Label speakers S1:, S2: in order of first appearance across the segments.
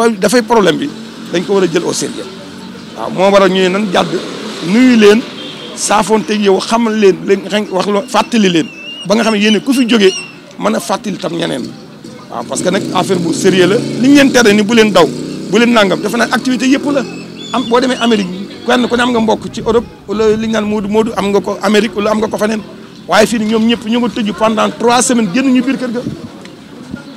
S1: problème dafay problème bi dañ ko war a jël au sérieux waaw moo waral ñu ne nan jàdd nuyu leen saafoonteeg yow xamal leen leen wax loo fàttali leen ba nga xam ne yéen ku fi jógee mën a fàttali tam ñeneen waaw parce que nag affaire bu sérieux la li ñu leen tere ni bu leen daw bu leen nangam dafa naan activité yëpp la am boo demee Amérique kenn ku ne am nga mbokk ci Europe wala li ñu naan Moodu Moodu am nga ko Amérique wala am nga ko feneen waaye fii ñoom ñëpp ñoo nga tëju pendant trois semaines génn ñu biir kër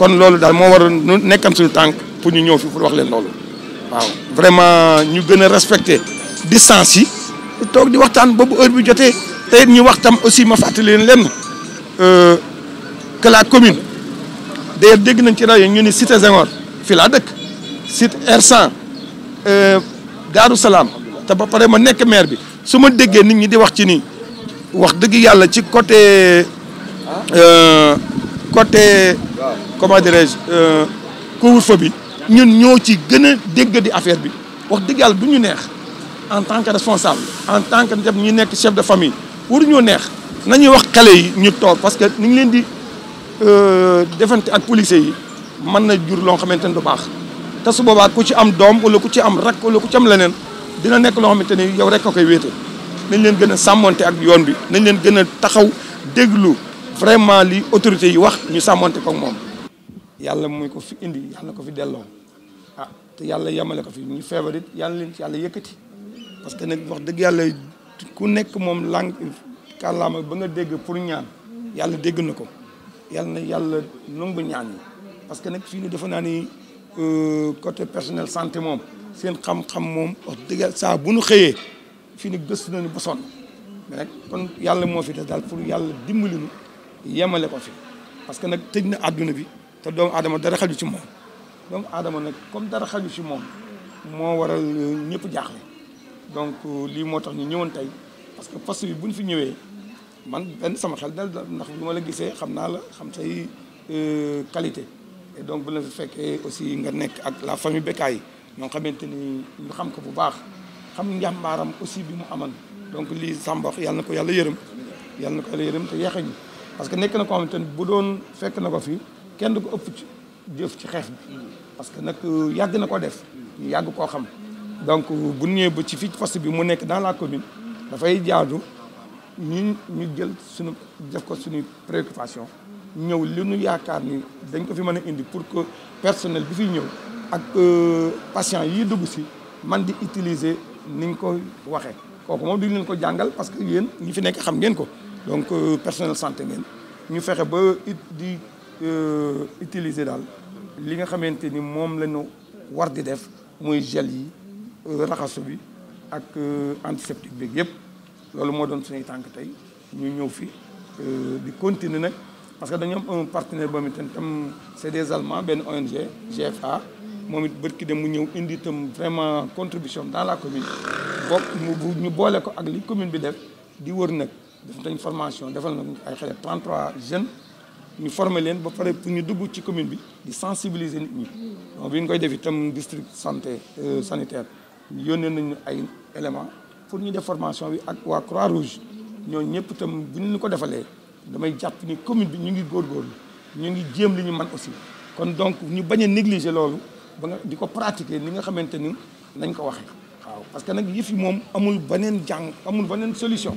S1: kon loolu daal moo war a nekkan suñu tànk pour ñu ñëw fi pour wax leen loolu waaw vraiment ñu gën a respecté distance yi toog di waxtaan boobu heure bi jotee te it ñu waxtam aussi ma fàttali leen lenn euh, que commune d'ailleurs dégg nañ ci rajo ñu ni cité Senghor fii laa dëkk cité R100 euh, Daaru Salaam te ba pare ma nekk maire bi su ma déggee nit ñi di wax ci nii wax dëgg yàlla ci côté euh, côté comment dirais-je euh, couvre-feu bi ñun ñoo ci gën a dégg di affaire bi wax dëgg yàlla du ñu neex en tant que responsable en tant que dem ñu nekk chef de famille pour waruñoo neex nañuy wax xale yi ñu toog parce que ni leen di euh, defante ak policiers yi mën na jur loo xamante ne du baax te su boobaa ku ci am doom wala ku ci am rakk wala ku ci am leneen dina nekk loo xamante ne yow rek ko koy wéete nañ leen gën a sàmmonte ak yoon bi nañ leen gën a taxaw déglu vraiment li autorité yi wax ñu samonté ko mom yalla muy ko fi indi yalla ko fi delo ah te yalla yamale ko fi ñu feebar yalla leen ci yalla yëkkati parce que nag wax deug yalla ku nekk mom làng kàllaama ba nga dégg pour ñaan yalla dégg nako yalla yàlla na yàlla nangu ñaan parce que nag fi ñu defe naa ni euh, côté personnel santé mom seen xam-xam mom wax dëgg yàlla saa bu nu xëyee fii ni gëstu nañu ba sonn mais nag kon yalla mo fi des daal pour yalla dimbali ñu yemale ko fi parce que nak tëj na àdduna bi te doomu adama dara xaju ci mom doomu adama nak comme dara xaju ci mom mo waral euh, ñëpp jaaxle donc euh, li motax ñu ñewon tay parce que poste bi buñ fi ñewé man ben sama xel dal ndax bu ma la gisee xamna la xam tay euh qualité et donc bu la fi fekkee aussi nga nekk ak la famille Bécaye ñu xamanteni ñu xam ko bu baax xam njàmbaaram aussi bi mu aman donc li sambax yalla nako yalla yàlla yalla nako yalla ko te yeexe parce que nek na ko xamante bu doon fekk na ko fi kenn du ko ëpp ci jëf ci xeex bi parce que nag euh, yàgg na ko def ñu yàgg koo xam donc euh, bu ñëwee ba ci fi poste bi mu nekk dans la commune dafay jaadu ñu ñu jël suñu def ko suñu préoccupation ñëw li ñu yaakaar ni dañ ko fi mën a indi pour que personnel bi fi ñëw ak euh, patient yi dugg si man di utiliser ni ñu ko waxee kooku moom duñ leen ko jàngal parce que yéen ñi fi nekk xam ngeen ko donc euh, personnel santé ngeen ñu fexé ba it di euh, utiliser dal li nga xamante ni moom la war di def moy gel yi euh, raxasu bi ak antiseptique bi yëpp loolu moo doon suñuy tànk tey ñu ñëw fi di continuer nag parce que dañu am un partenaire boobu itam tam c'est des Allemands benn ONG GFA moom it bët ki dem mu ñëw indi tam vraiment contribution dans la commune bokk mu ñu boole ko ak li commune bi def di wër nag def nañ formation defal nañ ay xale 33 jeunes ñu former leen ba pare pour ñu dugg ci commune bi di sensibiliser nit ñi donc bi ñu koy def itam district santé euh, sanitaire yónnee nañ ay éléments pour ñu def formation bi ak waa Croix Rouge ñoo ñëpp tam bu ñu ko defalee damay jàpp ni commune bi ñu ngi góorgóorlu ñu ngi jéem li ñu man aussi kon donc ñu bañ a négliger loolu ba nga di ko pratiquer ni nga xamante ni nañ ko waxee waaw parce que nag yëf yi moom amul beneen jàng amul beneen solution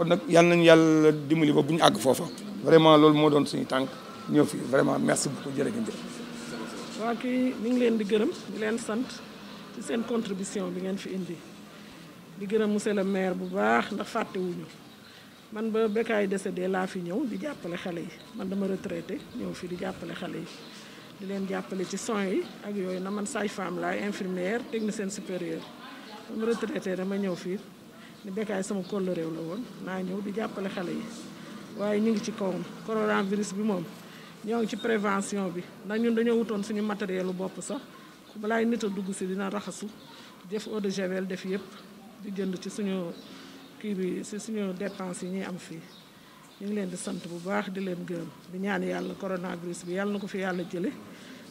S1: kon nak yalla nañu yalla dimbali ba buñu ag fofu vraiment lool mo doon suñu tank ñëw fii vraiment merci beaucoup jërëjëf.
S2: waa kii ñu ngi leen di gërëm di leen sant ci seen contribution bi ngeen fi indi di gërëm monsieur le maire bu baax ndax wuñu man ba Bécaye décédé laa fi ñëw di jàppale xale yi man dama retraité ñëw fi di jàppale xale yi di leen jàppale ci soins yi ak yooyu na man sage-femme laay infirmière technicienne supérieure dama retraité dama ñëw fii. di bekkaay sama kóllë réew la woon maa ñëw di jàppale xale yi waaye ñu ngi ci kawam coronavirus bi moom ñoo ngi ci prévention bi ndax ñun dañoo wutoon suñu matériel lu bopp sax balaay nit a dugg si dina raxasu def eau de javel def yëpp di jënd ci suñu kii bi si suñu dépense yi ñuy am fii ñu ngi leen di sant bu baax di leen gërëm di ñaan yàlla coronavirus bi yàlla na ko fi yàlla jële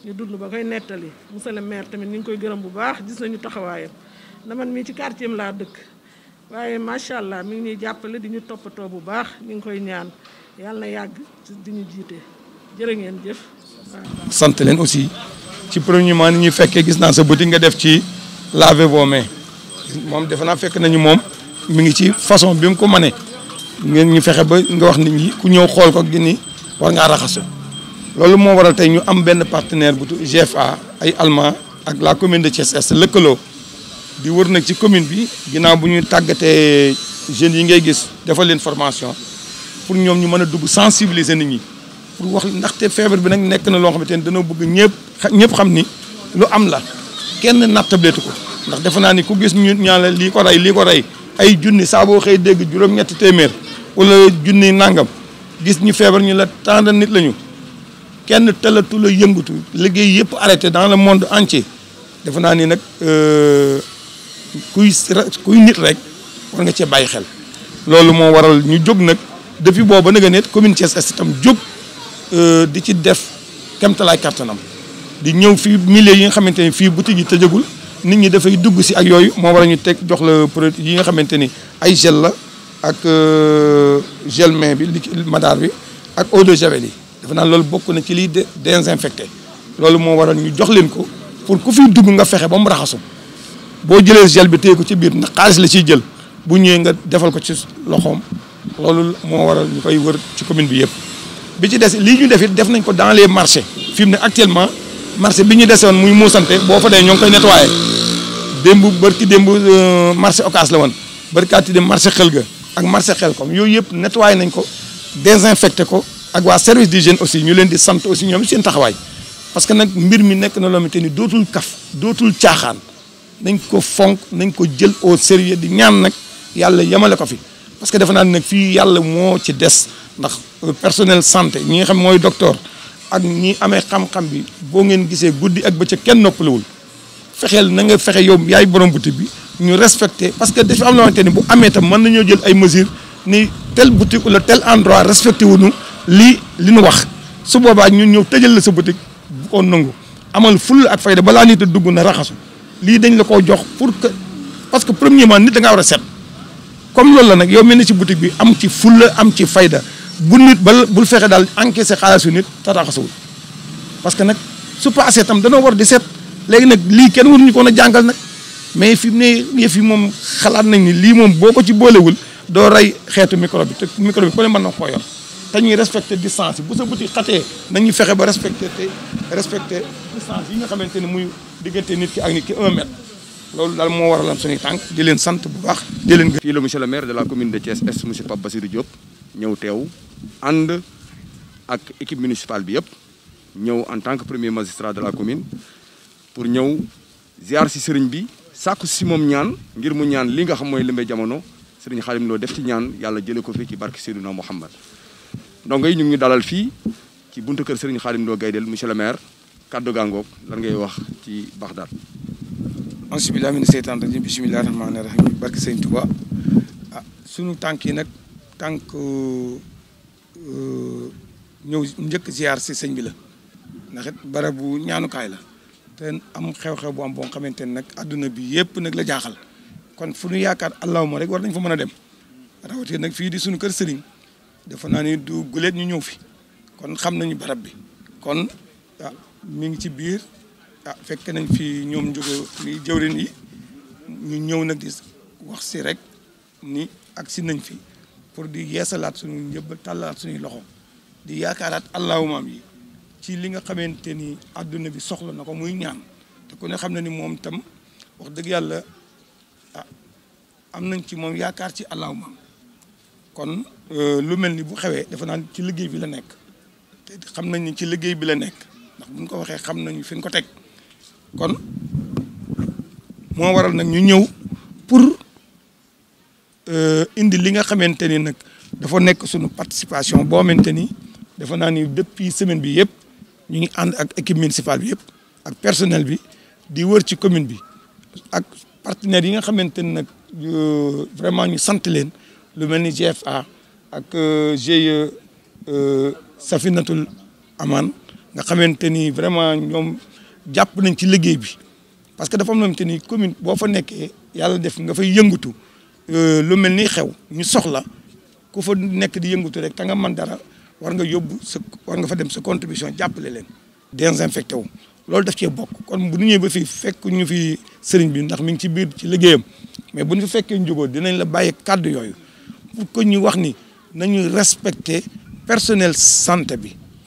S2: ñu dund ba koy nettali monsieur le maire tamit ñu ngi koy gërëm bu baax gis nañu taxawaayam na laa dëkk waaye macha allah mi ngi ñuy bu baax ngi koy ñaan jëf.
S1: sant aussi ci premier ni gis sa laver vos mains moom defe naa fekk nañu moom mi ngi ci façon bi mu ko mënee ngeen ñu fexe ba nga wax nit ku ñëw xool ko gi ni war partenaire GFA ay allemand ak la commune de Thiès di wër nag ci commune bi ginnaaw bu ñuy tàggatee jeunes yi ngay gis defal leen formation pour ñoom ñu mën a dugg sensibiliser nit ñi pour wax ndaxte feebar bi nag nekk na loo xam ne dana bëgg ñëpp ñëpp xam ni lu am la kenn nattableetu ko ndax defe naa ni ku gis ñu ñaan la lii ko rey lii ko rey ay junni saa boo xëy dégg juróom-ñetti téeméer wala junni nangam gis ñu feebar ñu la tant de nit lañu kenn telatu la yëngatu liggéey yëpp arrêté dans le monde entier defe naa ni nag. Euh, kuy kuy nit rek war nga cee bàyyi xel loolu moo waral ñu jóg nag depuis booba nag a net commune Thiès Est itam jóg euh, di ci def kemtalaay kattanam di ñëw fii millier yi nga xamante ni fii boutique yi tëjagul nit ñi dafay dugg si ak yooyu moo war a ñu teg jox la produit yi nga xamante ni ay gel la ak euh, gel main bi liquide madaar bi ak eau de javel yi dafa naan loolu bokk na ci liy désinfecté loolu moo waral ñu jox leen ko pour ku fiy dugg nga fexe ba mu raxasu boo jëlee gel ko ci biir ndax xaalis la ciy jël bu ñëwee nga defal ko ci loxoom loolu moo war waral ñu koy wër ci commune bi yëpp bi ci des lii ñu def it def nañ ko dans les marchés fi mu ne actuellement marché bi ñu desewoon muy muusante boo fa dee ñoo ngi koy nettoyé démb bërki démb euh, marché occas la woon bërkaati dem marché xel ga ak marché xel comme yooyu yëpp nettoyé nañ ko désinfecté ko ak waa service d'hygiène aussi ñu leen di sant aussi ñoom seen taxawaay parce que nag mbir mi nekk na loo ni dootul kaf dootul caaxaan nañ ko fonk nañ ko jël au sérieux di ñaan nag yàlla yemale ko fi parce que defe naa nag fii yàlla moo ci des ndax euh, personnel santé ñi nga xam mooy docteur ak ñi amee xam-xam bi boo ngeen gisee guddi ak bëccëg kenn noppalewul fexeel na nga fexe yow yaay borom boutique bi ñu respecté parce que dafa am loo xamante ni bu amee tam mën nañoo jël ay mesures ni tel boutique la tel endroit respecté wuñu lii li nu wax su boobaa ñu ñëw tëjël la sa boutique bu ko nangu amal ful ak fayda balaa nit a dugg na raxasu lii dañ la koo jox pour que parce que man nit da ngaa war a set comme loolu la nag yow mel na ci boutique bi am ci fulla am ci fayda bu nit ba bul fexe daal encaissé xaalisu nit tataxasawul parce que nag su passé tam danoo war di set léegi nag lii kenn waruñu ko woon a jàngal nag mais fi mu ne yëf yi moom xalaat nañ ni lii moom boo ko ci boolewul doo rey xeetu micro bi te micro bi ku ne mën na koo yor te ñuy respecté distance yi bu sa boutique xatee nañuy fexe ba respecté te respecté yi nga xamante ne muy digënté nit ki ak nit ki 1 mètre loolu dal mo waraloon suñu tank di leen sante bu baax di leen fi le monsieur le maire de la commune de Thiès Est monsieur Pape Bassirou Diop ñëw tew and ak équipe municipale bi yëpp ñëw en tant que premier
S3: magistrat de la commune pour ñëw ziar ci sëriñ bi sakku ci mom ñaan
S4: ngir mu ñaan li nga xam moy limbe jamono sëriñ khalim lo def ci ñaan yalla jëlé ko fi ci barke Seydina Muhammad
S1: donc ñu ngi dalal fi ci buntu kër sëriñ khalim loo Gaydel monsieur le maire kaddu gangok lan ngay wax ci baghdad on billahi mina setan rajim bismillahi rahmaani rahim barke seigne touba ah, sunu tanki nak tank tànk euh, ñëw njëkk ziar si seigne bi la nak it barab bu ñaanukaay la te am xew-xew bu am boo xamantene nak aduna bi yépp nak la jaxal kon fu ñu yaakar allahuma rek war nañ fa mëna dem rawati nak fi di sunu kër sëriñ dafa ni du gulet ñu ñëw fi kon xam nañu barab bi kon ah, mi ngi ci biir ah fekk nañ fi ñoom njógo mi jëwrin yi ñu ñëw nag di wax si rek ni ak si nañ fi pour di yeesalaat suñu njëbb tàllaat suñuy loxo di yaakaaraat allahumam yi ci li nga xamante ni àdduna bi soxla na ko muy ñaan te ku ne xam na ni moom tam wax dëgg yàlla ah am nañ ci moom yaakaar ci allahumam kon euh, lu mel ni bu xewee dafa naan ci liggéey bi la nekk te xam nañ ni ci liggéey bi la nekk ndax ñu ko waxé xam nañu fi ko teg kon mo waral nak ñu ñëw pour euh indi li nga xamanteni nak dafa nek suñu participation bo xamante dafa naa ni depuis semaine bi yépp ñu ngi and ak équipe municipale bi yépp ak personnel bi di wër ci commune bi ak partenaires yi nga xamanteni nak euh vraiment ñu sant leen lu melni GFA ak euh, GIE euh, Safinatul Aman nga xamante ni vraiment ñom japp nañ ci liggéey bi parce que dafa am xamante ni commune bo fa nekkee yalla def nga fay euh lu melni xew ñu soxla ku fa nekk di yëngutu rek ta nga man dara war nga yobbu sa war nga fa dem sa contribution jappalé leen désinfecté wu loolu daf ci bok kon bu ñu ñëwee ba fi fekk ñu fi sëriñ bi ndax mi ngi ci biir ci liggéeyam mais bu ñu fi fekkee dinañ la bayé kàddu yoyu pour que ñu wax ni nañu respecter personnel santé bi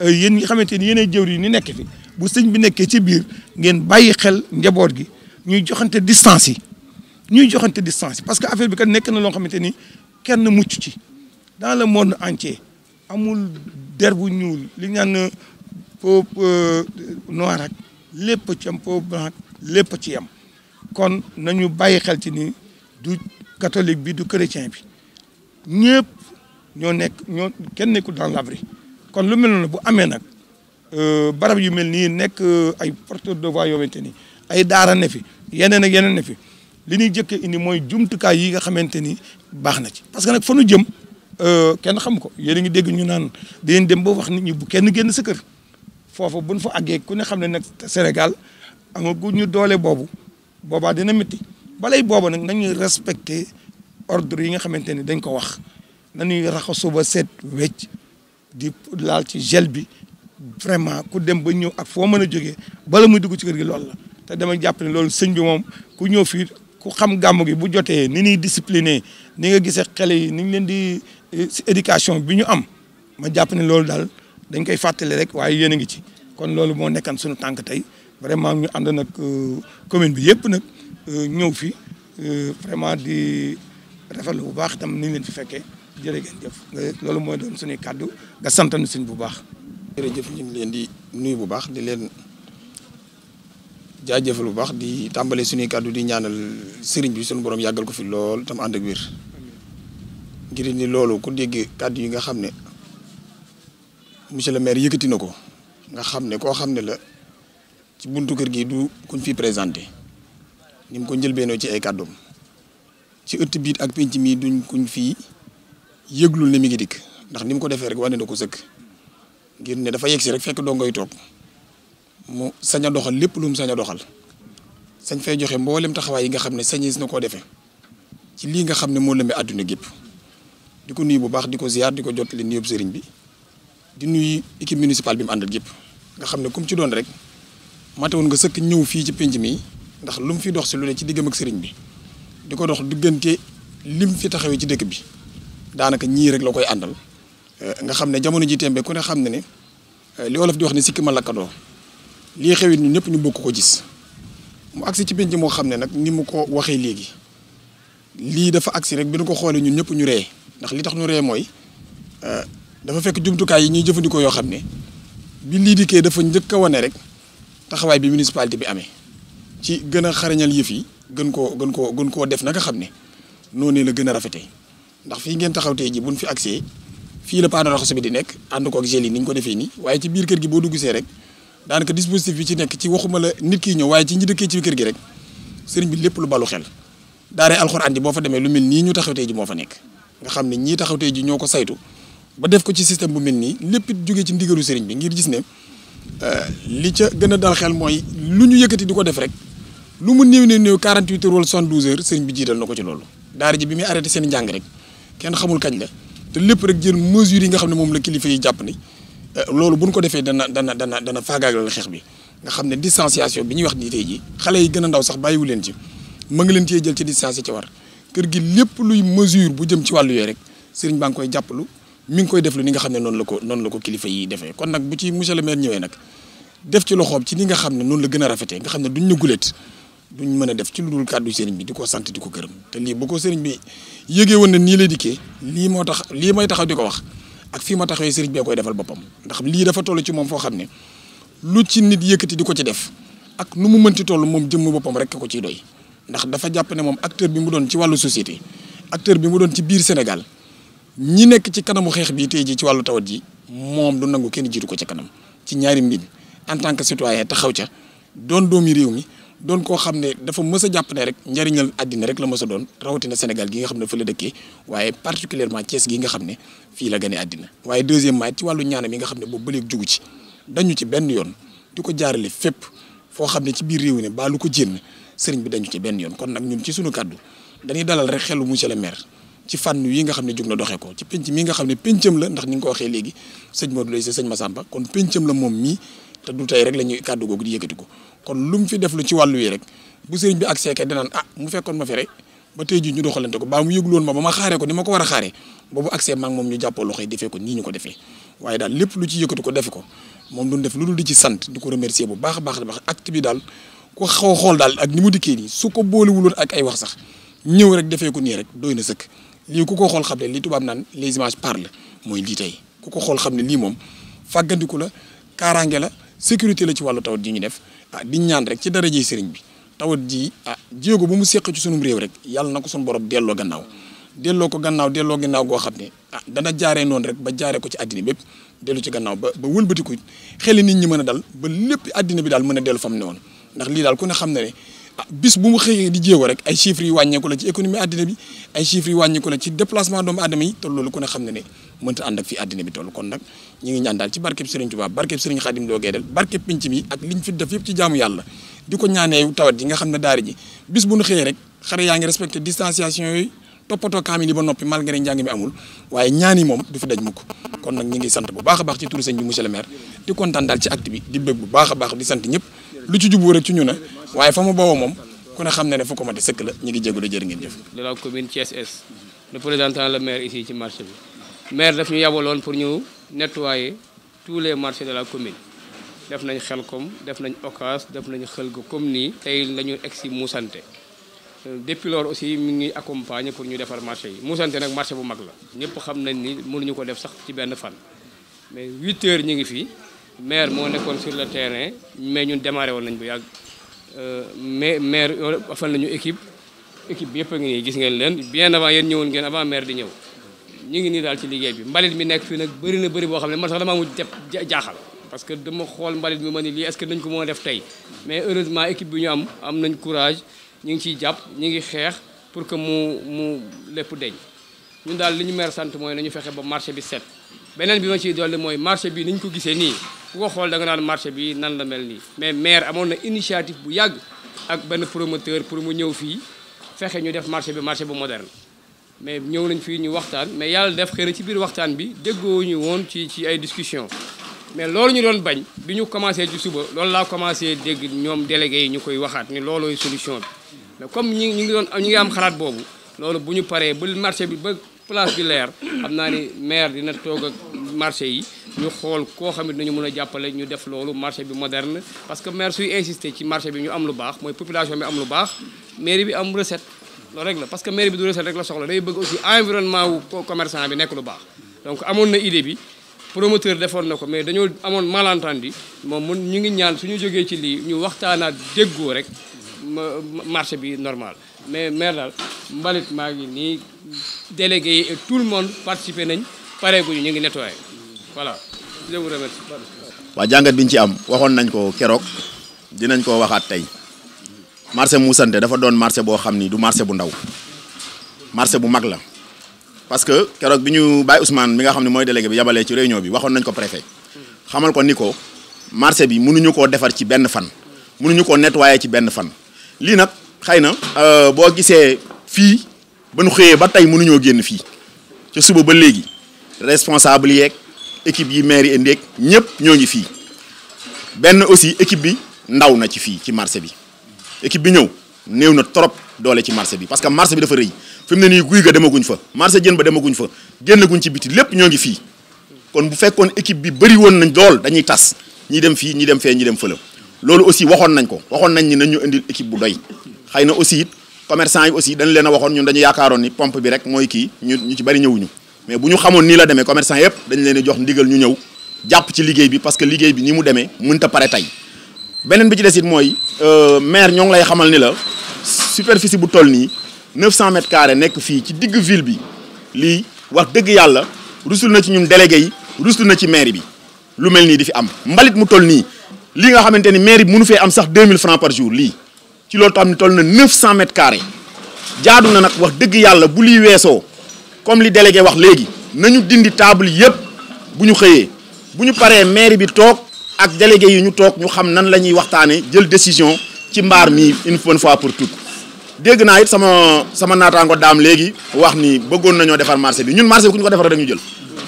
S1: Euh, yéen ñi xamante ni yéenay jëwri ni nekk fi bu sëñ bi nekkee ci biir ngeen bàyyi xel njaboot gi ñuy joxante distansi ñuy joxante distance parce que affaire bi kat nekk na loo xamante ni kenn mucc ci dans le monde entier amul der bu ñuul li ñaan peau euh, noir ak lépp ci am ci am kon nañu bàyyi xel ci ni du catholique bi du chrétien bi ñëpp ñoo nekk ñoo kenn nekkul dans l'abri kon lu mel noonu bu nak euh barab yu mel ni nek ay porteur de voix yo wéteni ay daara ne fi yenen ak yenen ne fi li ni jëkke indi moy jumtu kay yi nga xamanteni baxna ci parce que nak fa nu jëm kenn xam ko yéen ngi dégg ñu naan di ñu dem bo wax nit ñi bu kenn génn sa kër fofu buñ fa aggé ku ne xam ne nak Sénégal amagu ñu doole bobu boba dina métti balay bobu nak nañu respecté ordre yi nga xamanteni dañ ko wax nañu raxasoo ba set wecc di laal ci gel bi vraiment ku dem ba ñëw ak foo mën a jóge bala muy dugg ci kër gi loolu la te dama jàpp ne loolu sëñ bi moom ku ñëw fii ku xam gàmm gi bu jotee ni ñuy discipliné ni nga gisee xale yi ni ñu leen di eh, si éducation bi ñu am ma jàpp ne loolu daal dañ koy fàttali rek waaye yéen a ngi ci kon loolu moo nekkan sunu tànk tey vraiment ñu ànd nag euh, commune bi yëpp nag euh, ñëw fi euh, vraiment di rafetlu bu baax tam ni leen fi fekkee jërë jëf loolu mooy doon suñuy kàddu nga sant nu suñ bu baax. jërëjëf ñu ngi leen di nuyu bu baax di leen
S4: jaajëfal bu baax di tàmbale suñuy kàddu di ñaanal sëriñ bi suñu borom yàggal ko fi lool tam ànd ak wér. ngir ni loolu ku dégg kàddu yi nga xam ne monsieur le maire yëkkati na ko nga xam ne koo la ci buntu kër gi du kuñ fi présenté nim mu ko njëlbeenoo ci ay kàddoom ci ëtt biit ak penc mi duñ kuñ fi yëglul ne mi ngi dikk ndax ni mu ko defee rek wane na ko sëkk ngir ne dafa yegg si rek fekk ngay toog mu sañ a doxal lépp lu mu sañ a doxal sañ fay joxe mboolem taxawaay yi nga xam ne si na koo defee ci lii nga xam ne moo lëmbee àdduna gépp di ko nuyu bu baax di ko ziar di ko jottali nuyub sëriñ bi di nuyu équipe municipale bi mu àndal nga xam ne comme ci doon rek mate woon nga sëkk ñëw fii ci pénc mi ndax lu mu fi dox si lu ne ci diggam sëriñ bi di ko dox diggante lim fi taxawee ci dëkk bi. daanaka ñii rek la koy àndal eh, nga xam ne jamono ji tembe ku ne xam ne ne eh, li olof di wax ne sikki ma lakkadoo lii xewit ñu ñëpp ñu bokk ko jis mu agsi ci penc moo xam ne nag ni ko waxee léegi lii dafa agsi rek bi nu ko xoolee ñun ñëpp ñu ree ndax li tax ñu ree mooy eh, dafa fekk jumtukaay yi ñuy jëfandikoo yoo xam ne bi lii di kee dafa njëkk a wane rek taxawaay bi municipalité bi amee ci gën a xarañal yëf yi gën ko gën ko gën koo def naka xam ne noonu la gën a rafete ndax fi ngeen taxaw tey ji buñ fi agsee fii la paano raxasu bi di nekk ànd ko ak gel ni ñu ko defee nii waaye ci biir kër gi boo duggsee rek daanaka dispositif bi ci nekk ci waxuma la nit ki ñëw waaye ci ñi dëkkee ci kër gi rek sëriñ lépp lu balu xel daaree alxuraan ji boo fa demee lu mel nii ñu taxaw tey ji moo fa nekk nga xam ne ñii taxaw tey ñoo ko saytu ba def ko ci système bu mel nii lépp it ci ndigalu sëriñ bi ngir gis ne euh, li ca gën a dal xel mooy lu ñu yëkkati di ko def rek lu mu néew néew néew 48 heures wala 72 heures sëriñ bi jiital na ko ci loolu daara ji bi muy arrêté seen njàng rek kenn xamul kañ la te lépp rek jël mesures yi nga xam ne moom la kilifa yi jàpp ni eh, loolu bu ñu ko defee dana dana dana dana faagaagal xeex bi nga xam ne distanciation bi ñuy wax ni tey jii xale yi gën a ndaw sax bàyyiwu leen ci ma ngi leen cee jël ci distance ci war kër gi lépp luy mesure bu jëm ci wàllu yooyu rek sëriñ baa ngi koy jàppalu mi ngi koy def lu ni nga xam ne noonu la ko noonu la ko kilifa yi defee kon nag bu ci monsieur le maire ñëwee nag def ci loxoom ci ni nga xam ne noonu la gën a rafetee nga xam ne duñ ñu guleet duñ mën a def ci lu dul kàddu sëriñ bi di ko sant di ko gërëm te lii bu ko sëriñ bi yëgee woon na nii lay dikkee lii moo tax lii may di ko wax ak fii ma taxawee sëriñ bee koy defal boppam ndax lii dafa toll ci moom foo xam ne lu ci nit yëkkati di ko ci def ak nu mu mënti toll moom jëmm boppam rek ko ciy doy ndax dafa jàpp ne moom acteur bi mu doon ci wàllu société acteur bi mu doon ci biir Sénégal ñi nekk ci kanamu xeex bi tey ji ci wàllu tawat ji moom du nangu kenn jiitu ko ci kanam ci ñaari mbir en tant que citoyen taxaw ca doon doomi réew mi doon koo xam ne dafa mës a jàpp rek njëriñal àddina rek la mës a doon rawatina Sénégal gi nga xam ne fa la dëkkee waaye particulièrement Thiès gi nga xam ne fii la gane àddina waaye deuxièmement ci wàllu ñaanam yi nga xam ne boobu bëleeg jugu ci dañu ci benn yoon di ko jaarale fépp foo xam ne ci biir réew ne baa lu ko jénn sëriñ bi dañu ci benn yoon kon nag ñun ci suñu kàddu dañuy dalal rek xelu monsieur le maire ci fànn yi nga xam ne jóg na doxee ko ci penc mi nga xam ne péncam la ndax ni nga ko waxee léegi sëñ Modou Lay sa sëñ Massamba kon péncam la moom mii te du tey rek ñuy kàddu googu di yëkkati ko kon lu mu fi def lu ci wàllu yi rek bu sëriñ bi ak seeke danaan ah mu fekkoon ma fi rek ba te ji ñu doxalante ko baa mu yëgloon ma ba ma xaaree ko ni ma ko war a xaaree boobu accès maag moom ñu jàppoo loxo yi defee ko nii ñu ko defee waaye daal lépp lu ci yëkkatu ko defe ko moom duñ def lu dul di ci sant di ko remercier bu baax a baax baax acte bi daal ko xaw xool daal ak ni mu dikkee nii su ko boolewuloon ak ay wax sax ñëw rek defee ko nii rek doy na sëkk lii ku ko xool xam ne li tubaab naan les images parlent mooy lii tey ko xool xam ne lii moom fàggandiku la kaaraange la sécurité la ci wàllu taw di ñu def ah di ñaan rek ci dara ji sëriñ bi tawat jii ah jéego bu mu séq ci sunum réew rek yàlla na ko sunu borom delloo gannaaw delloo ko gannaaw delloo gannaaw goo xam ne ah dana jaare noonu rek ba jaaree ko ci àddina bépp dellu ci gannaaw ba ba wëlbatiku xeli nit ñi mën a dal ba lépp àddina bi daal mën a dellu fam ne woon ndax lii daal ku ne xam ne ne ah bis bu mu xëyee di jéewa rek ay chiffres yi wàññeeku la ci économie àddina bi ay chiffres yi wàññeeku la ci déplacement doomu aadama yi te loolu ku ne xam ne ne mënta ànd ak bi toll kon nag ñu ngi ñaan daal ci barkeb Serigne Touba barkeb ak fi def yëpp ci jaamu yàlla di ko ñaaneew tawat ji nga xam ne daari ji bis bu ñu xëyee rek xare yaa ngi respecté distanciation yooyu toppatoo kaamil yi ba noppi malgré njàng mi amul waaye ñaan yi moom du fi daj mukk kon nag ñu ngi sant bu baax a baax ci turu sëñ bi monsieur le maire di kontaan daal ci acte di bëgg bu baax baax di sant ñëpp lu ci jubbu rek ci ñu ne waaye fa mu bawoo moom ku ne xam ne ne fu ko mate sëkk la ñu ngi jégalu jërë ngeen jëf.
S5: de la commune Thiès Est représentant le maire ici ci marché bi maire daf ñu yabaloon pour ñu nettoyer tous les marchés de la commune def nañ xelkom def nañ occas def nañ ko comme nii tey la ñu egg si Moussante euh, depuis loolu aussi mi ngi accompagner pour ñu defar marché yi Moussante nag marché bu mag la ñëpp xam nañ ni mënuñu ko def sax ci benn fan maire moo nekkoon sur le terrain mais ñun démarré woon nañ bu yàgg euh, mais maire fan nañu équipe équipe bi yëpp a ngi nii gis ngeen leen bien avant yéen ñëwoon ngeen avant maire di ñëw ñu ngi nii daal ci liggéey bi mbalit mi nekk fii nag bëri na bëri boo xam ne man sax damaa mujj jaaxal parce que dama xool mbalit mi ma ni lii est-ce que nañ ko mën a def tey mais heureusement équipe bi ñu am am nañ courage ñu ngi ciy jàpp ñu ngi xeex pour que mu mu lépp deñ ñun daal li ñu maire sant mooy nañu fexe ba marché bi set benen bi ma ciy dolli mooy marché bi niñ ko gisee nii ku ko xool da nga naan marché bi nan la mel nii mais maire amoon na initiative bu yàgg ak benn promoteur pour mu ñëw fii fexe ñu def marché bi marché bu moderne mais ñëw nañ fii ñu waxtaan mais yàlla def xëy na ci biir waxtaan bi déggoo ñu woon ci ci ay discussion mais loolu ñu doon bañ bi ñu commencé ci suba loolu laa commencé dégg ñoom délégué yi ñu koy waxaat ni loolooy solution bi mais comme ñi ñu ngi doon ñu ngi am xalaat boobu loolu bu ñu paree ba marché bi ba place bi leer xam naa ni maire dina toog ak marché yi ñu xool koo xam ne dinañu mën a jàppale ñu def loolu marché bi moderne parce que maire suy insister ci marché bi ñu am lu baax mooy population bi am lu baax mairie bi am recette loolu rek la parce que mairie bi du recette rek la soxla day bëgg aussi environnement wu commerçant bi nekk lu baax donc amoon na idée bi promoteur defoon na ko mais dañoo amoon malentendu moom mun ñu ngi ñaan suñu jógee ci lii ñu waxtaanaat déggoo rek marché bi normal mais maire daal mbalit maa ngi nii délégué yi et tout le monde participé nañ pareeguñu ñu ngi nettoyé voilà je vous
S6: waa jàngat bi ñu ci am waxoon nañ ko keroog dinañ ko waxaat tey mu Moussante dafa doon marché boo xam ni du marché bu ndaw marché bu mag la parce que keroog bi ñu Baye Ousmane mi nga xam ne mooy délégué bi yabalee ci réunion bi waxoon nañ ko préfet xamal ko ni ko marché bi mënuñu koo defar ci benn fan mënuñu koo nettoyé ci benn fan lii nag. xëy na euh, boo gisee fii ba nu xëyee ba tey mënuñoo génn fii ca suba ba léegi responsable yeeg équipe yi maire yi indi ñëpp ñoo ngi fii benn aussi équipe bi ndaw na ci fii ci marché bi équipe bi ñëw néew na trop doole ci marché bi parce que marché bi dafa rëy fi mu ne nii guy ga demaguñ fa marché jën ba demaguñ fa génnaguñ ci biti lépp ñoo ngi fii kon bu fekkoon équipe bi bëri woon nañ lool dañuy tas ñi dem fii ñi dem fee ñi dem fële. loolu aussi waxon nañ ko waxon nañ ni nañ ñu indil équipe bu doy xëy aussi commerçants yi aussi dañ leen waxon ñun dañu yaakaaroon ni pompe bi rek moy ki ñu ñu ci bari ñewuñu mais buñu ñu xamoon nii la démé commerçants yépp dañ leen di jox ndigal ñu ñew japp ci liggéey bi parce que liggéey bi ni mu démé mënut a pare tey beneen bi ci des moy euh maire ñong lay xamal ni la superficie bu toll ni 900 mètres carrés nek fi ci digg ville bi li wax deug yalla rusul na ci ñun délégué yi rusul na ci maire bi lu melni di fi am mbalit mu toll ni li nga xamanteni maire mairie bi mënu fe am sax 2000 francs par jour li ci lo tam toll na 900 mètres carrés jaadu na nag wax deug yalla bu li weesoo comme li délégué wax léegi nañu dindi table yëpp buñu xeyé buñu paré maire bi tok ak délégué yi ñu tok ñu xam nan lañuy ñuy jël décision ci mbar mi une bonne fois pour toutes dégg naa it sama sama naataango daam léegi wax ni bëggoon nañoo defar marché bi ñun marché bi ku ñu ko defaral rek ñu jël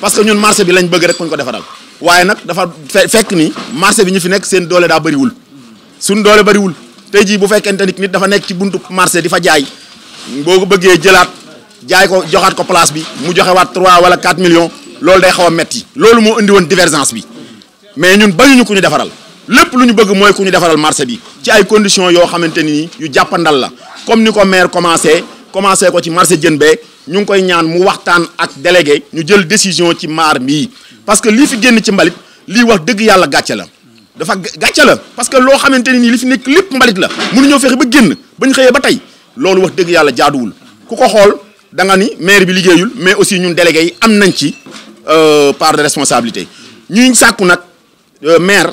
S6: parce que ñun marché bi lañ bëgg rek ku ñu ko defaral. waaye nag dafa fekk ni marché bi ñu fi nekk seen doole daa bëriwul suñ doole bariwul tey jii bu fekkente nit nit dafa nekk ci buntu marché di fa jaay boo ko bëggee jëlaat jaay ko joxaat ko place bi mu joxewaat trois wala 4 millions loolu day xaw a metti loolu moo indi woon divergence bi mais ñun bañuñu ku ñu defaral lépp lu ñu bëgg mooy ku ñu defaral marché bi ci ay conditions yoo xamante ni ñu jàppandal la comme ni ko maire commencé commencé ko ci marché jën bee ñu ngi koy ñaan mu waxtaan ak délégué ñu jël décision ci maar mii parce que lii fi génn ci mbalit lii wax dëgg yàlla gàcce la dafa gàcce la parce que loo xamante ne nii li fi nekk lépp mbalit la mënuñoo fexe ba génn ba ñu xëyee ba tey loolu wax dëgg yàlla jaaduwul ku ko xool da nga ni maire bi liggéeyul mais aussi ñun délégué yi am nañ ci euh, part de responsabilité ñuy sàkku nag euh, maire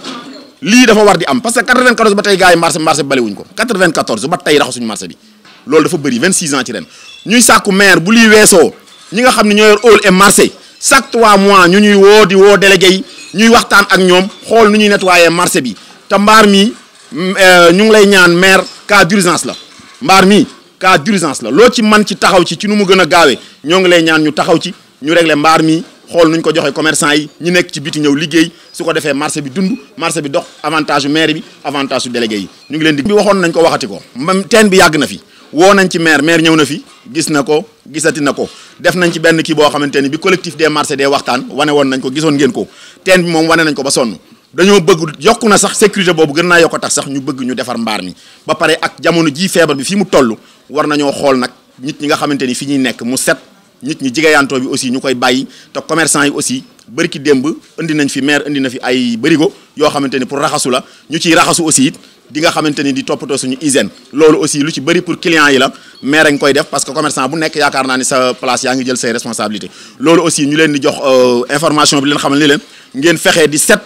S6: lii dafa war di am parce que 94 ba tey gars yi marché marché balewuñ ko 94 ba tey raxasuñu marché bi loolu dafa bëri 26 ans ci ren ñuy maire bu lii weesoo ñi nga xam ne ñoo yor hall et marché chaque trois mois ñu ñuy woo di woo délégué yi ñuy waxtaan ak ñoom xool nu ñuy nettoyer marché bi te mbaar mi mm, euh, ñu ngi lay ñaan maire cas d'urgence la mbaar mi kaa d'urgence la loo ci man ci taxaw ci ci nu mu gën a gaawee ñoo ngi lay ñaan ñu taxaw ci ñu regle mbaar mi xool nuñ ko joxe commerçant yi ñu nekk ci biti ñëw liggéey su ko defee marché bi dund marché bi dox avantage su maire bi avantage su délégué yi ñu ngi leen di. bi waxoon nañ ko waxati ko teen bi yàgg na fi. woo nañ ci maire maire ñëw na fi gis na ko gisati na ko def nañ ci benn kii boo xamante ni bi collectif des marchés de waxtaan wane woon nañ ko gisoon ngeen ko teen bi moom wane nañ ko ba sonn dañoo bëgg yokku na sax sécurité boobu gën naa yokk tax sax ñu bëgg ñu defar mbaar mi ba pare ak jamono ji feebar bi fi mu toll war nañoo xool nag nit ñi nga xamante ni fi ñuy nekk mu set nit ñi jigéeyantoo bi aussi ñu koy bàyyi te commerçant yi aussi bëri ki démb indi nañ fi maire indi na fi ay bërigo yoo xamante ni pour raxasu la ñu ciy raxasu aussi it di nga xamante ni di toppatoo suñu hygiène loolu aussi lu ci bëri pour client yi la mais rek koy def parce que commerçant bu nekk yaakaar naa ni sa place yaa ngi jël say responsabilité loolu aussi ñu leen di jox euh, information bi leen xamal ni leen ngeen fexe di set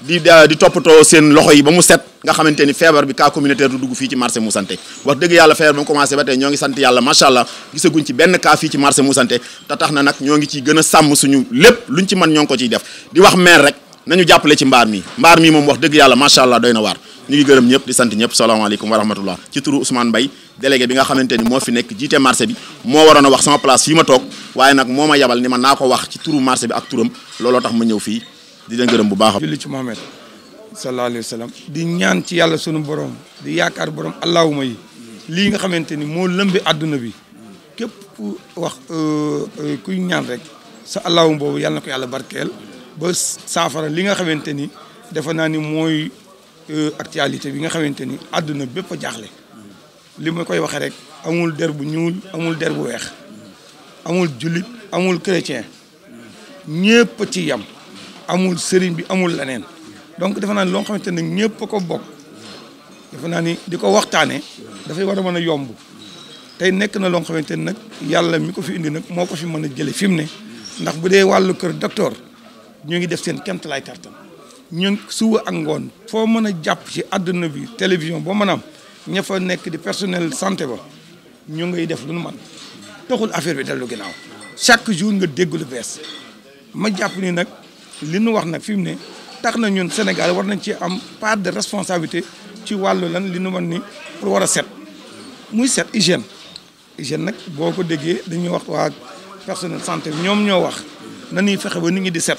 S6: di di toppatoo seen loxo yi ba mu set nga xamante ni feebar bi cas communautaire du dugg fii ci marché Moussante wax dëgg yàlla feebar ba mu commencé ba tey ñoo ngi sant yàlla macha allah gisaguñ ci benn cas fii ci marché Moussante na nag ngi ciy gën a suñu lépp luñ ci mën ñoo ngi ko ciy def di wax maire rek nañu jàppale ci mbaar mi mbaar mi moom wax dëgg yàlla macha allah doy na waar ñu ngi gërëm ñëpp di sant ñëpp alaykum wa rahmatullah ci turu Ousmane Mbaye délégué bi nga xamanteni ni fi nek jité marché bi mo warona wax sama place ma yabal ni ma nako wax ci turu marché bi ak turam lolo tax ma ñëw fi di leen gërëm bu baax. julli
S1: ci Mohamed sallallahu alayhi wasallam di ñaan ci yalla suñu borom di yaakar borom allahumma yi li nga xamanteni ni moo aduna bi képp ku wax euh, euh, kuy ñaan rek sa allahum bobu yalla nako yalla barkel ba safara li nga xamanteni ni ni moy Euh, actualité bi nga xamante ni àdduna bépp a jaaxle li ma koy waxee rek amul der bu ñuul amul der bu weex amul jullit amul chrétien ñëpp ci yam amul sëriñ bi amul leneen donc defe naa ni loo xamante ne ñëpp a ko bokk defe naa ni di ko waxtaanee dafay war a mën a yomb tey nekk na loo xamante ni nag yàlla mi ko fi indi nag moo ko fi mën a jëlee fi mu ne ndax bu dee wàllu kër docteur ñu ngi def seen kemt lay kartan ñun suba ak ngoon foo mën a jàpp ci àdduna bi télévision boo mën am ña fa nekk di personnel santé ba ñu ngay def lu nu man taxul affaire bi dellu ginnaaw chaque jour nga dégg lu bees ma jàpp nii nag li nu wax nag fi mu ne tax na ñun Sénégal war nañ ci am part de responsabilité ci wàllu lan li nu man ni pour war a set muy set hygiène hygiène nag boo ko déggee dañuy wax waa personnel santé ñoom ñoo wax na ñuy fexe ba nit ñi di set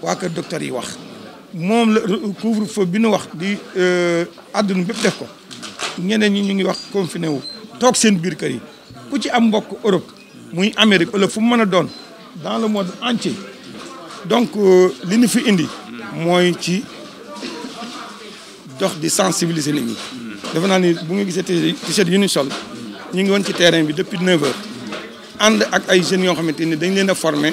S1: waa kër docteur yi wax moom la couvre feu bi nu wax di euh, àdduna bépp def ko ñeneen ñi ñu ngi wax confiné wu toog seen biir kër yi ku ci am mbokk Europe muy Amérique wala fu mu mën a doon dans le monde entier donc euh, li ñu fi indi mooy ci dox di sensibiliser nit ñi dafa naa ni bu nga gisee t yu ñu sol ñu ngi woon ci terrain bi depuis 9 heures ànd ak ay jeunes yoo xamante ni dañ leen a former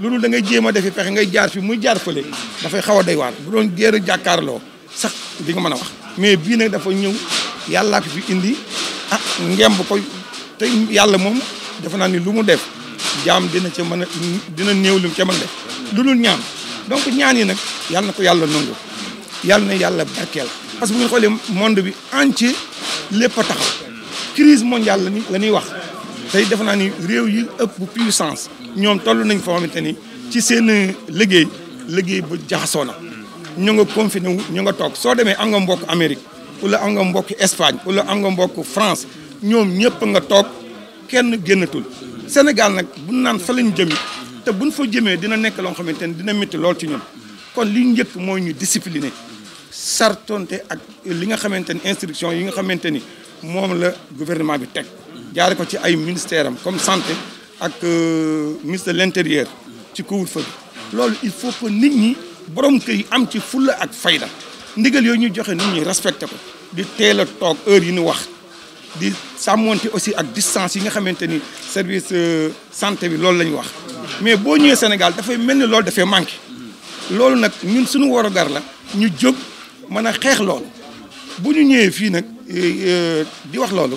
S1: loolu da ngay jéem a defi fexe ngay jaar fi muy jaar fële dafay xaw a doy waar bu doon géer jàkkaarloo sax di nga mën a wax mais bii nag dafa ñëw yàlla ko fi indi ah ngemb ko te yàlla moom defe naa ni lu mu def jaam dina ca mën a dina néew lu mu ca mën lu dul ñaan donc ñaan yi nag yàlla na ko yàlla nangu yàlla na yàlla barkeel parce que bu ñu monde bi entier lépp a taxaw crise mondiale la la ñuy wax tey defe naa ni réew yi ëpp puissance ñoom toll nañ foo xamante ni ci seen liggéey liggéey bu jaxasoo na ñu nga confiné wu ñu nga toog soo demee am nga mbokk Amérique wala am nga mbokk Espagne wala am nga mbokk France ñoom ñëpp nga toog kenn génnatul Sénégal nag bu naan fa lañu jëmi te buñ fa jëmee dina nekk loo xamante ni dina métti lool ci ñun kon li njëkk mooy ñu discipliné sartonte ak li nga xamante ni instruction yi nga xamante ni moom la gouvernement bi teg jaare ko ci ay ministère comme santé ak euh, ministre de l'intérieur ci couvre-feu bi il faut que nit ñi borom kër am ci fulla ak fayda ndigal yooyu ñu joxe nit ñi respecté ko di teel tok heure yi ñu wax di sàmmonte aussi ak distance yi nga xamanteni service euh, santé bi loolu lañ wax mais boo ñëwee Sénégal fay melni ni da fay manqué loolu nak ñun suñu woro gar la ñu jog mën a xeex loolu bu ñu ñëwee fi nak euh, di wax loolu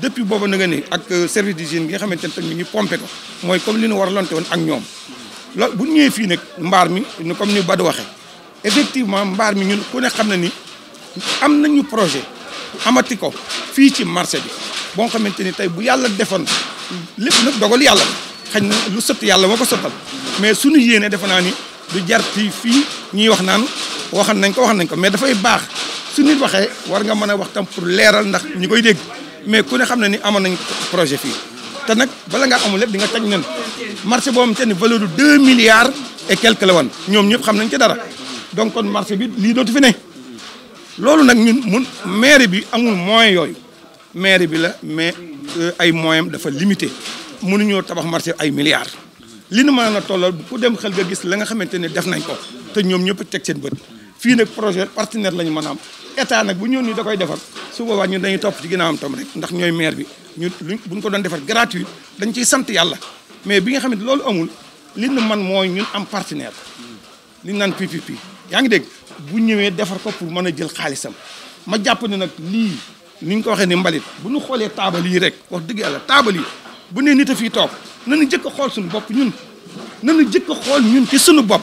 S1: depuis booba na nga ni ak euh, service d'hygiène nga xamante ne tamit ñu pompé ko moy comme li ñu warlante won ak ñom loolu bu ñëw fi nag mbar mi ñu comme ñu bad waxé effectivement mbar mi ñun ku ne xamna ni am nañu projet amati ko fi ci marché bi boo xamante tay bu yalla defoon lepp nag dogal yalla xañ lu sëtt yalla moo ko sëttal mais suñu yéene defe naa ni du jarti fii ñuy wax naan waxan nañ ko waxan nañ ko mais dafay baax su nit waxee war nga mën a wax tam pour leeral ndax ñi koy dégg mais ku ne xam ne ni amoon nañ projet fii te nag bala ngaa amul lépp di nga taj nen marché boo xamante ni valeur du deux milliards et quelque woon ñoom ñëpp xam nañ ca dara donc kon marché bi lii dootu fi ne loolu nag ñun mun maire bi amul moyen yooyu maire bi la mais euh, ay moyen dafa limité mënuñoo tabax marché ay milliards li nu mën na tollal ku dem xel nga gis la nga xamante ne def nañ ko te ñoom ñëpp teg seen bët fii nag projet partenaire la ñu mën a am état nag bu ñëw nii da koy defar su boobaa ñun dañuy topp ci ginnaawam tam rek ndax ñooy maire bi ñu buñ ko doon defar gratuit dañ ciy sant yàlla mais bi nga xam loolu amul li nu man mooy ñun am partenaire li naan PPP yaa ngi dégg bu ñëwee defar ko pour mën a jël xaalisam ma jàpp ne nag lii nu ñu ko waxee ni mbalit bu ñu xoolee taabal yi rek wax dëgg yàlla taabal yi bu nee nit a fii toog nañu jëkk a xool suñu bopp ñun nañu jëkk xool ñun ci suñu bopp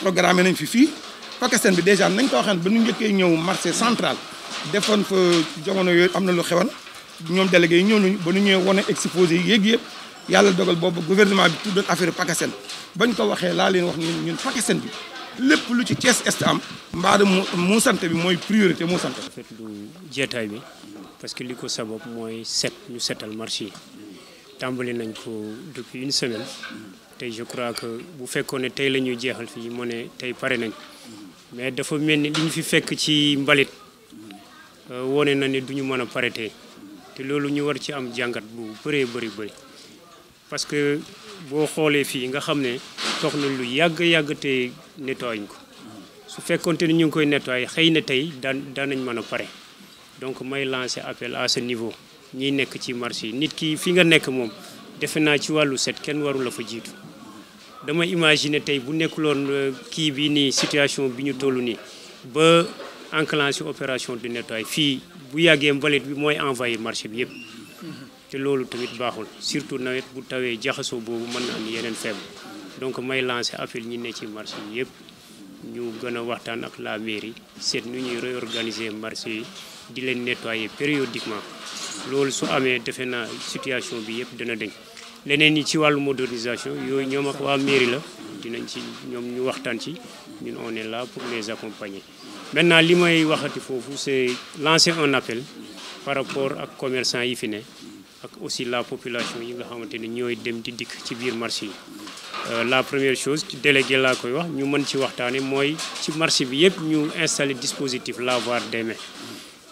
S1: programme nañ fi fii Pakistan bi dèjà nañ ko waxaan ba nu njëkkee ñëw marché central defoon fa jamono yooyu am na lu xewoon ñoom délégué yi ñëw nañu ba nu ñëwee wone exposé yi yéegi yëpp yàlla dogal boobu gouvernement bi tuddoon affaire Pakistan bañ ko waxee laa leen wax ñun ñun Pakistan bi lépp lu ci Thiès Est am mbaada mu sant bi mooy priorité mu sant bi
S7: lu jeetaay bi parce que li ko sabab mooy set ñu setal marché yi tàmbali nañ ko depuis une semaine te je crois que bu fekkoon ne tey lañuy jeexal fii moo ne tey pare nañ mais dafa mel ni ñu fi fekk ci mbalit euh, wone na ne du ñu mën a pare tey te loolu ñu war ci am jàngat bu bëree bëri bëri parce que boo xoolee fii nga xam ne toog na lu yàgg yàgg te nettoyé ko su fekkoonte ni ñu ngi koy nettoyé xëy na tey daan daanañ mën a pare donc may lancer appel à ce niveau ñi nekk ci marché yi nit ki fi nga nekk moom defe naa ci wàllu set kenn waru la fa jiitu dama imaginer tey bu nekkuloon euh, kii bi nii situation bi ñu toll nii ba enclenché opération de nettoyage fii bu yàggee mbalit bi mooy envoyé marché bi yëpp te loolu tamit baaxul surtout nawet bu tawee jaxasoo boobu mën na am yeneen feeb donc may lancer appel ñi ne ci marché bi yëpp ñu gën a waxtaan ak la mairie seet nu ñuy réorganiser marché yi di leen nettoyer périodiquement loolu su amee defe naa situation bi yëpp dana deñ leneen yi ci wàllu modernisation yooyu ñoom ak waa mairie la dinañ ci ñoom ñu waxtaan ci ñun on est là pour les accompagner maintenant li may waxati foofu c'est lancer un appel par rapport ak commerçant yi fi ne ak aussi la population yi nga xamante ne ñooy dem di dikk ci biir marché yi euh, la première chose ci délégué laa koy wax ñu mën ci waxtaane mooy ci marché bi yépp ñu installer dispositif lavoir des mains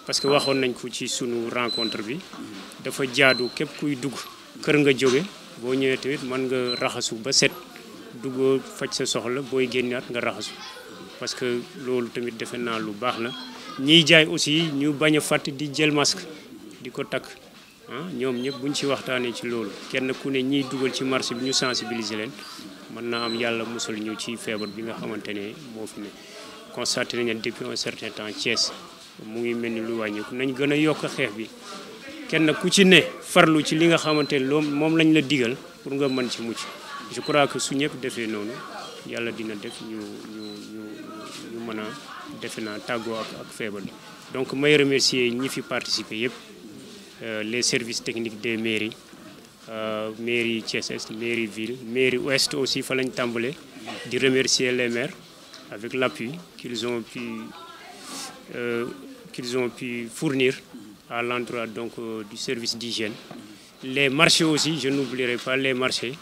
S7: parce que waxoon nañ ko ci sunu rencontre bi dafa jaadu képp kuy dugg kër nga jóge boo ñëwee tamit mën nga raxasu ba set duggoo faj sa soxla booy génnaat nga raxasu parce que loolu tamit defe naa lu baax na ñiy jaay aussi ñu bañ a fàtt di jël masque di ko takk ah ñoom ñëpp buñ ci waxtaanee ci loolu kenn ku ne ñiy dugal ci marché bi ñu sensibiliser leen mën naa am yàlla musal ñu ci feebar bi nga xamante ne moo fi ne constaté nañ depuis un certain temps Thiès mu ngi mel ni lu wàññiku nañ gën a yokk xeex bi kenn ku ci ne farlu ci li nga xamante ne loolu moom lañ la digal pour nga mën ci mucc je crois que su ñëpp defee noonu yàlla dina def ñu ñu ñu ñu mën a defe naa tàggoo ak ak feebar donc may remercier ñi fi participer yëpp euh, les services techniques des mairies euh, mairie Thiès mairie ville mairie ouest aussi fa lañ tàmbale di remercier les maires avec l' appui qu'ils ont pu euh, qu'ils ont pu fournir à l'endroit donc euh, du service d'hygiène. Les marchés aussi, je n'oublierai pas les marchés,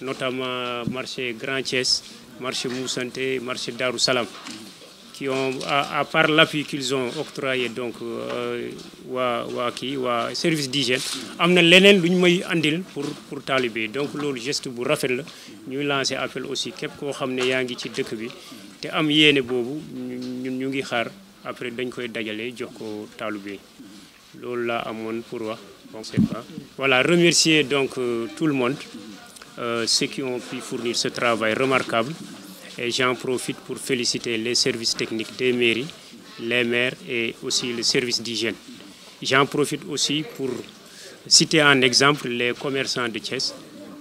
S7: notamment marché Grand Thiès, marché Moussanté, marché Salam, qui ont, à, part l'appui qu'ils ont octroyé donc à euh, qui service d'hygiène am na leneen may andil pour pour talibé donc le geste bu Raphaël nous ñuy lancer appel aussi képp koo xam ne yaa ngi ci dëkk bi te am nous boobu ñun après dañ koy dajale jox ko talibé Lola, Amon, pour ne pas voilà remercier donc euh, tout le monde euh, ceux qui ont pu fournir ce travail remarquable et j'en profite pour féliciter les services techniques des mairies les maires et aussi le service d'hygiène j'en profite aussi pour citer en exemple les commerçants de Thiès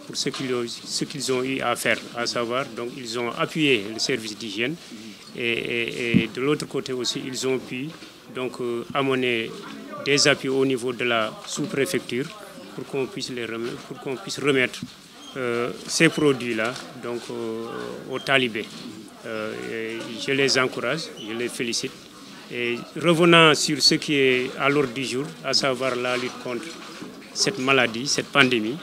S7: pour ce qu'ils ont, ont eu à faire à savoir donc ils ont appuyé le service d'hygiène et, de l'autre côté aussi ils ont pu donc euh, amener des appuis au niveau de la sous-préfecture pour qu'on puisse, les remettre, pour qu'on puisse remettre euh, ces produits-là donc euh, aux, talibés. Euh, je les encourage, je les félicite. Et revenant sur ce qui est à l'ordre du jour, à savoir la lutte contre cette maladie, cette pandémie,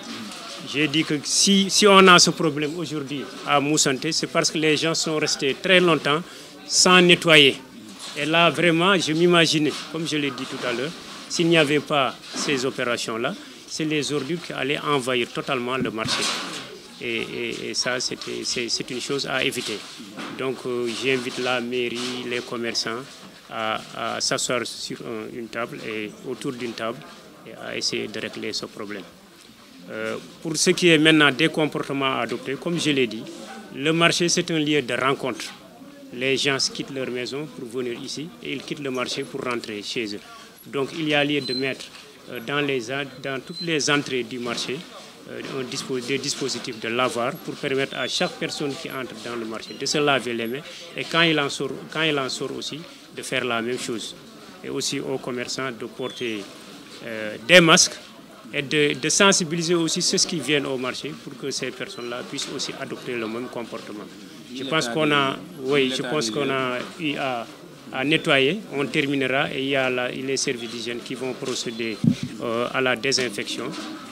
S7: j'ai dit que si, si on a ce problème aujourd'hui à Moussanté, c'est parce que les gens sont restés très longtemps sans nettoyer. Et là, vraiment, je m'imaginais, comme je l'ai dit tout à l'heure, s'il n'y avait pas ces opérations-là, c'est les ordures qui allaient envahir totalement le marché. Et, ça, c'est une chose à éviter. Donc euh, j'invite la mairie, les commerçants à, s'asseoir sur une table et autour d'une table et à essayer de régler ce problème. Euh, pour ce qui est maintenant des comportements à adopter, comme je l'ai dit, le marché c'est un lieu de rencontre. Les gens quittent leur maison pour venir ici et ils quittent le marché pour rentrer chez eux. Donc il y a lieu de mettre euh, dans, toutes les entrées du marché euh, des dispositifs de lavoir pour permettre à chaque personne qui entre dans le marché de se laver les mains et quand il en sort, aussi de faire la même chose. Et aussi aux commerçants de porter euh, des masques et de, sensibiliser aussi ceux qui viennent au marché pour que ces personnes-là puissent aussi adopter le même comportement. Je pense qu'on a, oui, je pense qu'on a eu à à nettoyer. On terminera et il y a les services d'hygiène qui vont procéder euh, à la désinfection.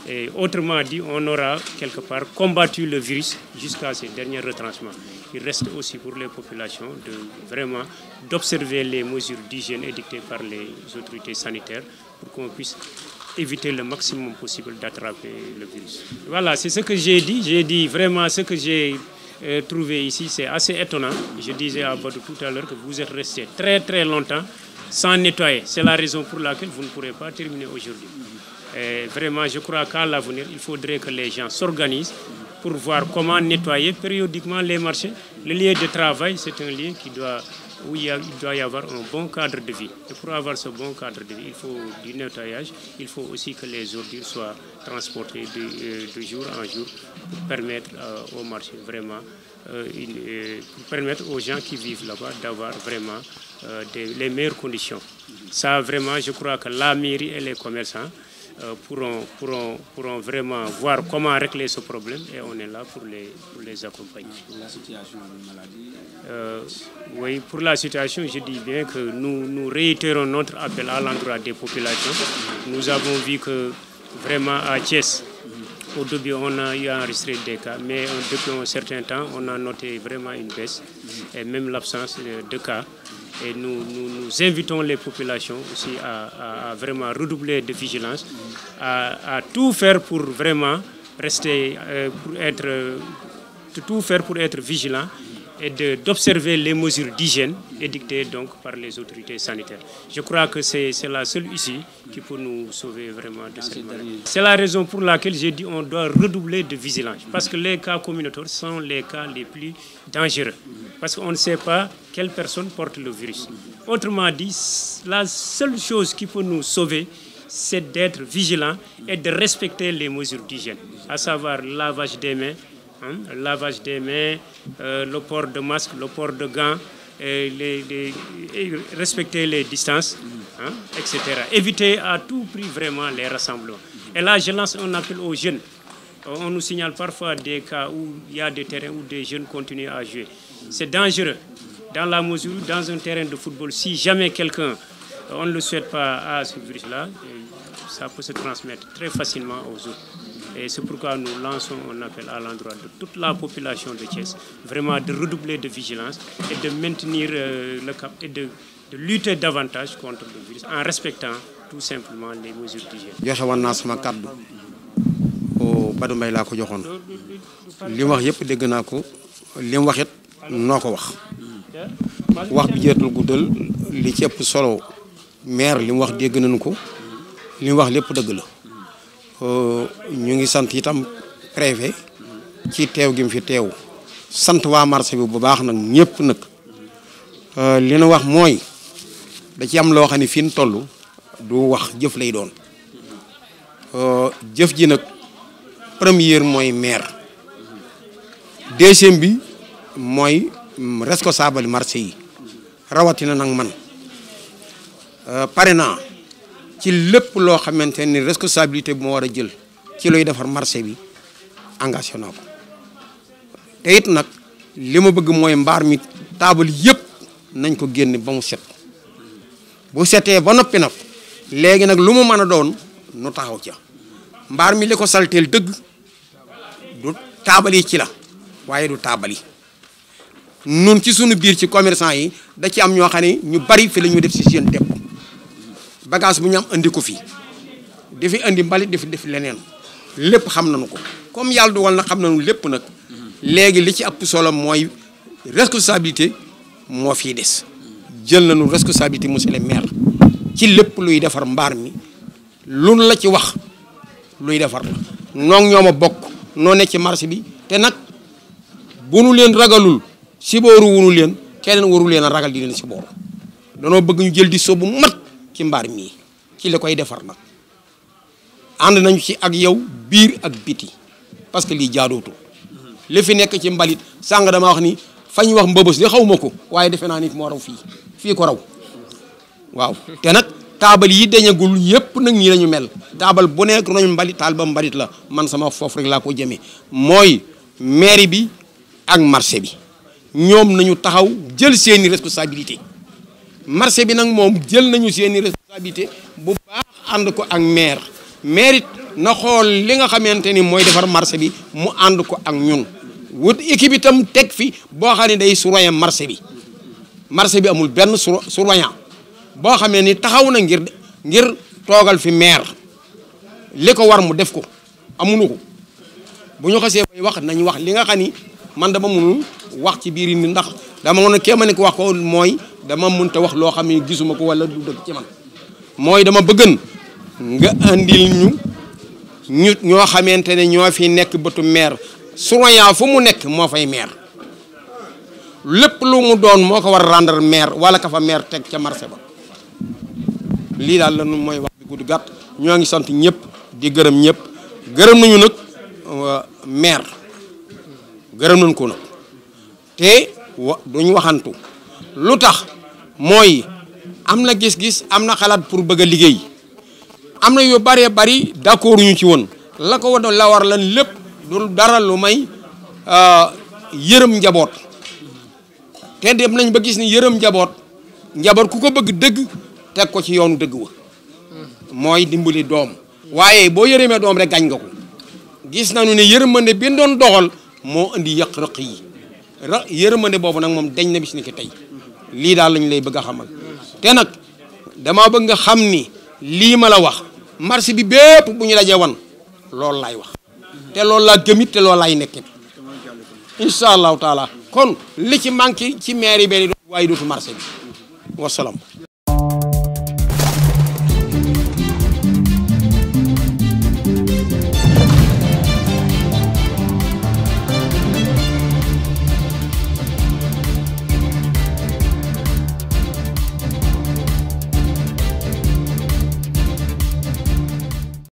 S7: Et autrement dit, on aura quelque part combattu le virus jusqu'à ses derniers retranchements. Il reste aussi pour les populations de vraiment d'observer les mesures d'hygiène édictées par les autorités sanitaires pour qu'on puisse éviter le maximum possible d'attraper le virus. Voilà, c'est ce que j'ai dit. J'ai dit vraiment ce que j'ai euh, trouvé ici, c'est assez étonnant. Je disais à de tout à l'heure que vous êtes resté très très longtemps sans nettoyer. C'est la raison pour laquelle vous ne pourrez pas terminer aujourd'hui. Euh, vraiment, je crois qu'à l'avenir, il faudrait que les gens s'organisent pour voir comment nettoyer périodiquement les marchés. Le lieu de travail, c'est un lieu qui doit où il, doit y avoir un bon cadre de vie. Et pour avoir ce bon cadre de vie, il faut du nettoyage, il faut aussi que les ordures soient transportées de, euh, jour en jour pour permettre euh, au marché vraiment, euh, permettre aux gens qui vivent là-bas d'avoir vraiment les meilleures conditions. Ça, vraiment, je crois que la mairie et les commerçants, pourront, euh, pourront, pourront vraiment voir comment régler ce problème et on est là pour les, pour les accompagner. Pour la situation euh, Oui, pour la situation, je dis bien que nous, nous réitérons notre appel à l'endroit des populations. Nous avons vu que vraiment à Thiès, au début, on a eu enregistré des cas, mais depuis un certain temps, on a noté vraiment une baisse et même l'absence euh, de cas. Et nous, nous, invitons les populations aussi à, vraiment redoubler de vigilance, à, tout faire pour vraiment rester, euh, pour être, euh, tout faire pour être vigilant et d'observer les mesures d'hygiène édictées donc par les autorités sanitaires. Je crois que c'est la seule issue qui peut nous sauver vraiment de cette maladie. C'est la raison pour laquelle j'ai dit on doit redoubler de vigilance, parce que les cas communautaires sont les cas les plus dangereux, parce qu'on ne sait pas quelle personne porte le virus. Autrement dit, la seule chose qui peut nous sauver, c'est d'être vigilant et de respecter les mesures d'hygiène, à savoir lavage des mains, le hein, lavage des mains, euh, le port de masque, le port de gants, respecter les distances, hein, etc. Éviter à tout prix vraiment les rassemblements. Et là, je lance un appel aux jeunes. Euh, on nous signale parfois des cas où il y a des terrains où des jeunes continuent à jouer. C'est dangereux, dans la mesure où, dans un terrain de football, si jamais quelqu'un, on ne le souhaite pas à ce virus-là, ça peut se transmettre très facilement aux autres. Et c'est pourquoi nous lançons un appel à l'endroit de toute la population de Thiès, vraiment de redoubler de vigilance et de maintenir euh, le cap et de, de lutter davantage contre le virus en respectant tout simplement les mesures d'hygiène.
S3: li wax yëpp dégg naa ko li mu wax wax wax bi jeetul guddal li ci ëpp solo maire li mu wax dégg nañu ko li mu wax lépp dëgg la. Euh, ñu ngi sant itam préfet ci teew gi mu fi teew sant waa marché bi bu baax nag ñëpp nag euh, li nu wax mooy da ci am loo xam ne fi ñu toll du wax jëf lay doon euh, jëf ji nag première mooy maire deuxième bi mooy responsable marché yi rawatina nag man pare na ci lépp loo xamante ni responsabilité bi ma war a jël ci luy defar marché bi engagé naa ko te it nag li ma bëgg mooy mbaar mi taabal yëpp nañ ko génne ba mu set bu setee ba noppi nag léegi nag lu mu mën a doon nu taxaw ca mbaar mi li ko salteel dëgg du taabal yi ci la waaye du taabal yi nun ci sunu biir ci commerçant yi da ci am ñoo xam ne ñu bari fi la ñu def si seen tepp bagage bu ñu am andi ko fii dafi andi mbalit dafi def leneen lépp xam nañu ko comme yàlla dogal na xam nañu lépp nag léegi li ci app solo mooy responsabilité moo fii des jël nañu responsabilité monsieur le maire ci lépp luy defar mbaar mi lun la ci wax luy defar la noog ñoom a bokk noo ne ci marché bi te nag bu nu leen ragalul si booru wunu leen keneen waru leen a ragal di leen si booru bëgg ñu jël di so bu mat ci mbar mi ci la koy defar nak and nañ ci ak yow bir ak biti parce que li jaadootu li fi nek ci mbalit sang dama wax ni fañ wax mbobos li xawmako waye defena ni moo raw fi fi ko raw waw te nak taabal yi deñagul yep nak ni lañu mel taabal bu nek ñu mbalit talba mbalit la man sama foofu rek la ko jëme moy maire bi ak marché bi ñom nañu taxaw jël seeni responsabilité marché bi nag moom jël nañu seeni responsabilité bu baax ànd ko ak maire maire it na xool li nga xamante ni mooy defar marché bi mu ànd ko ak ñun wut équipe itam teg fi boo xam ne day surveiller marché bi marché bi amul benn sur surveillant boo xamee ni taxaw na ngir ngir toogal fi maire li ko war mu def ko amuñu ko bu ñu xasee bay wax nañ wax li nga xam ni man dama mënul wax ci biir yi ndax dama mën a kéema ne ko wax ko mooy dama munta wax lo xamni ne gisuma ko wala du deug ci man moy dama bëggan nga andil ñu ñu ño xamantene ño fi nekk bëtu mer suraya fu mu nekk mo fay mer lepp lu mu doon moko war rendre mer wala ka fa mer tek ci marché ba li dal la moy wax bi gudd gatt ño ngi sant ñepp di gëreem ñepp gëreem nañu nak euh, mer gëreem nañ ko nak te duñ waxantu lutax mooy am na gis-gis am na xalaat pour bëgg liggéey am na yu bëree bëri d'accord ñu ci woon la ko war la war lan lépp du dara lu may euh, yërëm njaboot te dem nañ ba gis ni yërëm njaboot njaboot ku ko bëgg dëgg teg ko ci yoonu dëgg wa mooy dimbali doom waaye boo yërëmee doom rek gañ nga ko gis nañu ne yërmande bi bindoon doxal moo indi yëq rëq yi yërmande boobu nag moom dañ na bis ni ki tey lii daal lañ lay bëgg a xamal te nag dama bëgg nga xam ni lii ma la wax marché bi bépp bu ñu dajee wan loolu laay wax te loolu laa gëmit te loolu laay nekkit incha allahu taala kon li ci manqué ci maire yi benn waaye dootu marché bi wasalaam